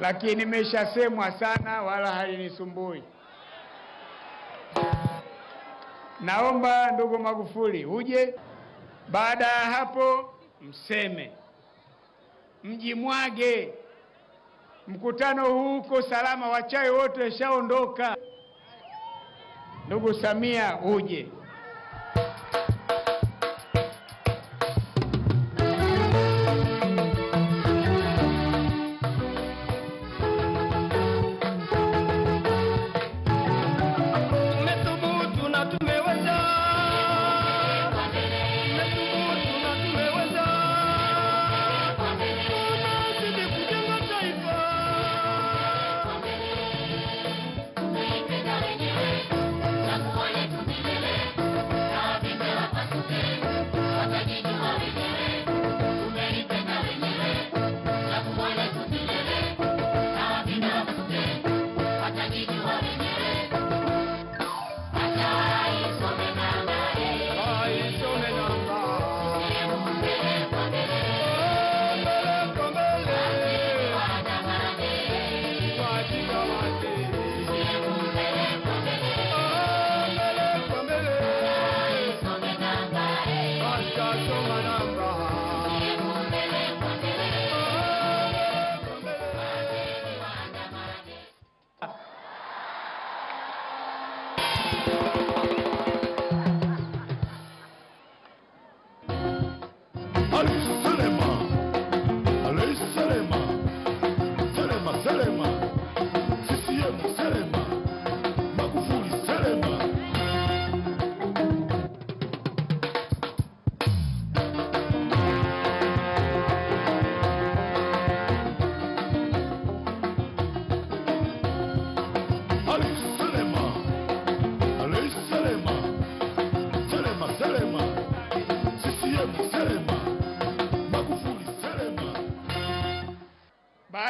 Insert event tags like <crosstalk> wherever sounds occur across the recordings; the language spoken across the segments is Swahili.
lakini imeshasemwa sana, wala halinisumbui. Naomba ndugu Magufuli uje. Baada ya hapo, mseme mji mwage Mkutano huu uko salama, wachawi wote washaondoka. Ndugu Samia uje.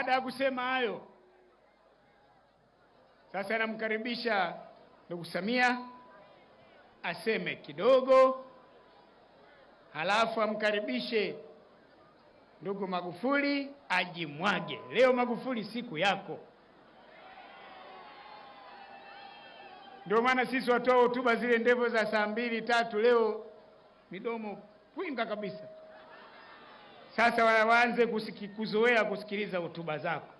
Baada ya kusema hayo, sasa namkaribisha ndugu Samia aseme kidogo, halafu amkaribishe ndugu Magufuli ajimwage. Leo Magufuli, siku yako. Ndio maana sisi watoa hotuba zile ndefu za saa mbili tatu, leo midomo pwinga kabisa. Sasa waanze kusiki, kuzoea kusikiliza hotuba zako.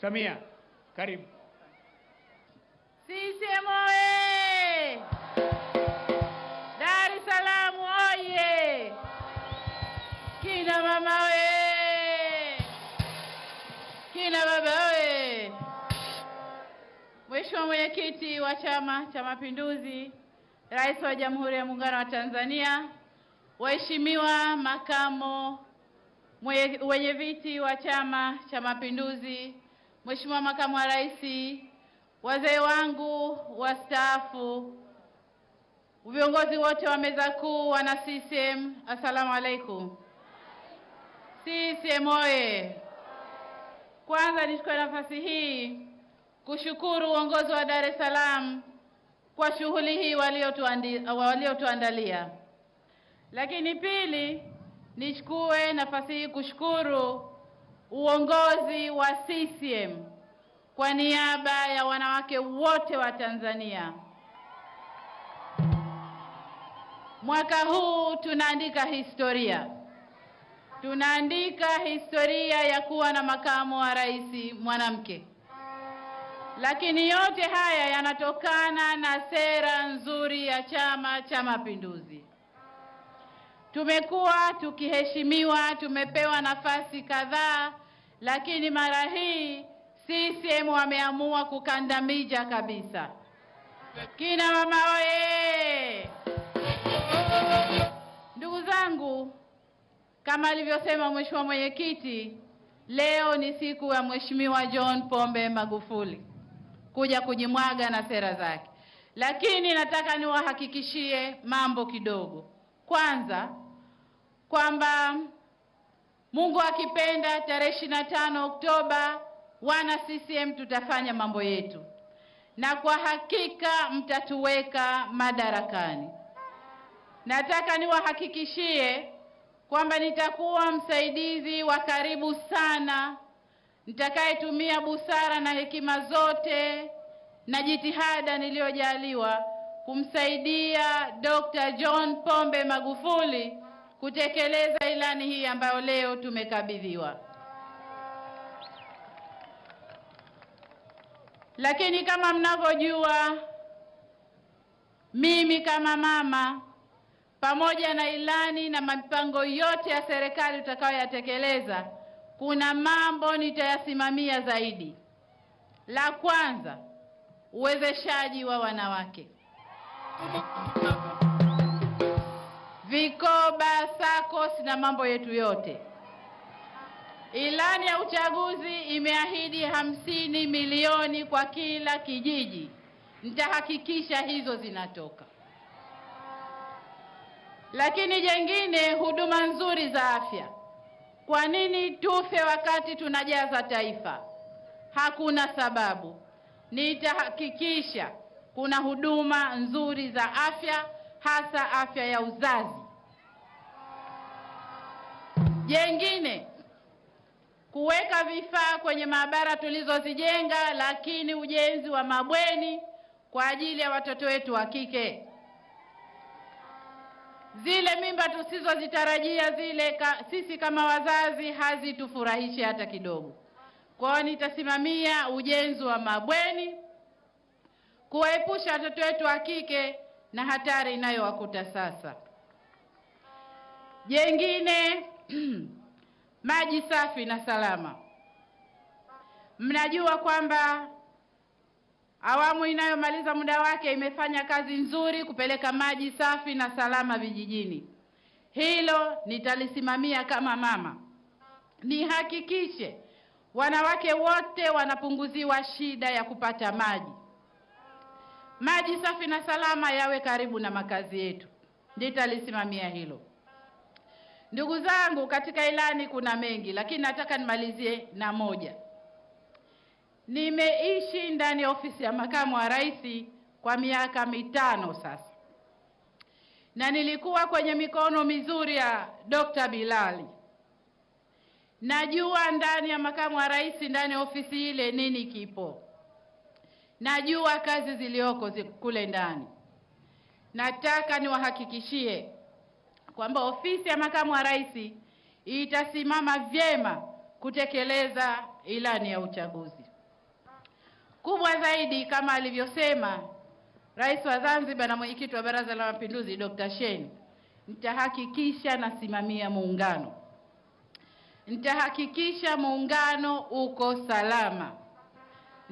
Samia, karibu. CCM oye! Dar es Salaam oye! Kina mama we, Kina baba we. Mheshimiwa Mwenyekiti wa Chama cha Mapinduzi, Rais wa Jamhuri ya Muungano wa Tanzania Waheshimiwa makamo wenye viti wa Chama cha Mapinduzi, Mheshimiwa makamu wa rais, wazee wangu wastaafu, viongozi wote wa meza kuu, wana CCM, assalamu alaikum. CCM oye! Kwanza nichukue nafasi hii kushukuru uongozi wa Dar es Salaam kwa shughuli hii waliotuandalia. Lakini pili, nichukue nafasi hii kushukuru uongozi wa CCM kwa niaba ya wanawake wote wa Tanzania. Mwaka huu tunaandika historia. Tunaandika historia ya kuwa na makamu wa rais mwanamke. Lakini yote haya yanatokana na sera nzuri ya Chama cha Mapinduzi. Tumekuwa tukiheshimiwa, tumepewa nafasi kadhaa, lakini mara hii CCM wameamua kukandamija kabisa. Kina mama oye! Ndugu zangu, kama alivyosema mheshimiwa mwenyekiti, leo ni siku ya Mheshimiwa John Pombe Magufuli kuja kujimwaga na sera zake, lakini nataka niwahakikishie mambo kidogo kwanza kwamba Mungu akipenda tarehe ishirini na tano Oktoba wana CCM tutafanya mambo yetu na kwa hakika mtatuweka madarakani. Nataka niwahakikishie kwamba nitakuwa msaidizi wa karibu sana nitakayetumia busara na hekima zote na jitihada niliyojaliwa kumsaidia Dr. John Pombe Magufuli kutekeleza ilani hii ambayo leo tumekabidhiwa. Lakini kama mnavyojua, mimi kama mama, pamoja na ilani na mipango yote ya serikali utakayoyatekeleza, kuna mambo nitayasimamia zaidi. La kwanza, uwezeshaji wa wanawake vikoba, SACCOS na mambo yetu yote. Ilani ya uchaguzi imeahidi hamsini milioni kwa kila kijiji. Nitahakikisha hizo zinatoka. Lakini jengine, huduma nzuri za afya. Kwa nini tufe wakati tunajaza taifa? Hakuna sababu. Nitahakikisha kuna huduma nzuri za afya, hasa afya ya uzazi. Jengine, kuweka vifaa kwenye maabara tulizozijenga, lakini ujenzi wa mabweni kwa ajili ya watoto wetu wa kike. Zile mimba tusizozitarajia zile ka, sisi kama wazazi hazitufurahishi hata kidogo. kwao nitasimamia ujenzi wa mabweni kuwaepusha watoto wetu wa kike na hatari inayowakuta sasa. Jengine, <clears throat> maji safi na salama. Mnajua kwamba awamu inayomaliza muda wake imefanya kazi nzuri kupeleka maji safi na salama vijijini. Hilo nitalisimamia kama mama, nihakikishe wanawake wote wanapunguziwa shida ya kupata maji maji safi na salama yawe karibu na makazi yetu. Nitalisimamia hilo. Ndugu zangu, katika ilani kuna mengi, lakini nataka nimalizie na moja. Nimeishi ndani ya ofisi ya makamu wa rais kwa miaka mitano sasa, na nilikuwa kwenye mikono mizuri ya Dr. Bilali. Najua ndani ya makamu wa rais, ndani ya ofisi ile nini kipo. Najua kazi zilioko kule ndani. Nataka niwahakikishie kwamba ofisi ya makamu wa rais itasimama vyema kutekeleza ilani ya uchaguzi. Kubwa zaidi, kama alivyosema Rais wa Zanzibar na mwenyekiti wa Baraza la Mapinduzi Dr. Shein, nitahakikisha nasimamia muungano, nitahakikisha muungano uko salama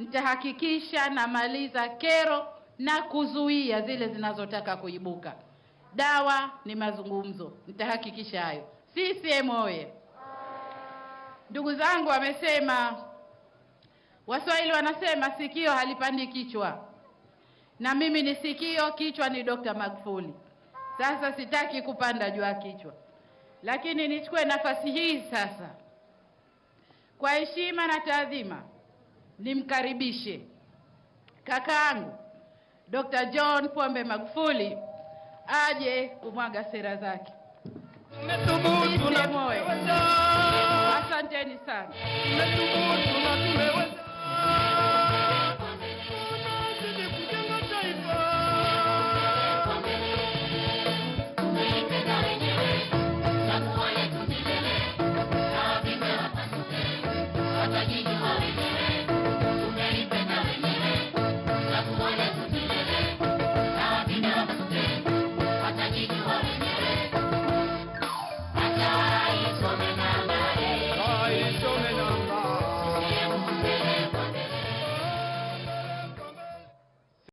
nitahakikisha namaliza kero na kuzuia zile zinazotaka kuibuka. Dawa ni mazungumzo, nitahakikisha hayo. CCM oye! Ndugu zangu, wamesema Waswahili wanasema sikio halipandi kichwa, na mimi ni sikio, kichwa ni Dr. Magufuli. Sasa sitaki kupanda juu ya kichwa, lakini nichukue nafasi hii sasa kwa heshima na taadhima nimkaribishe kakaangu Dr. John Pombe Magufuli aje kumwaga sera zake. Asanteni sana.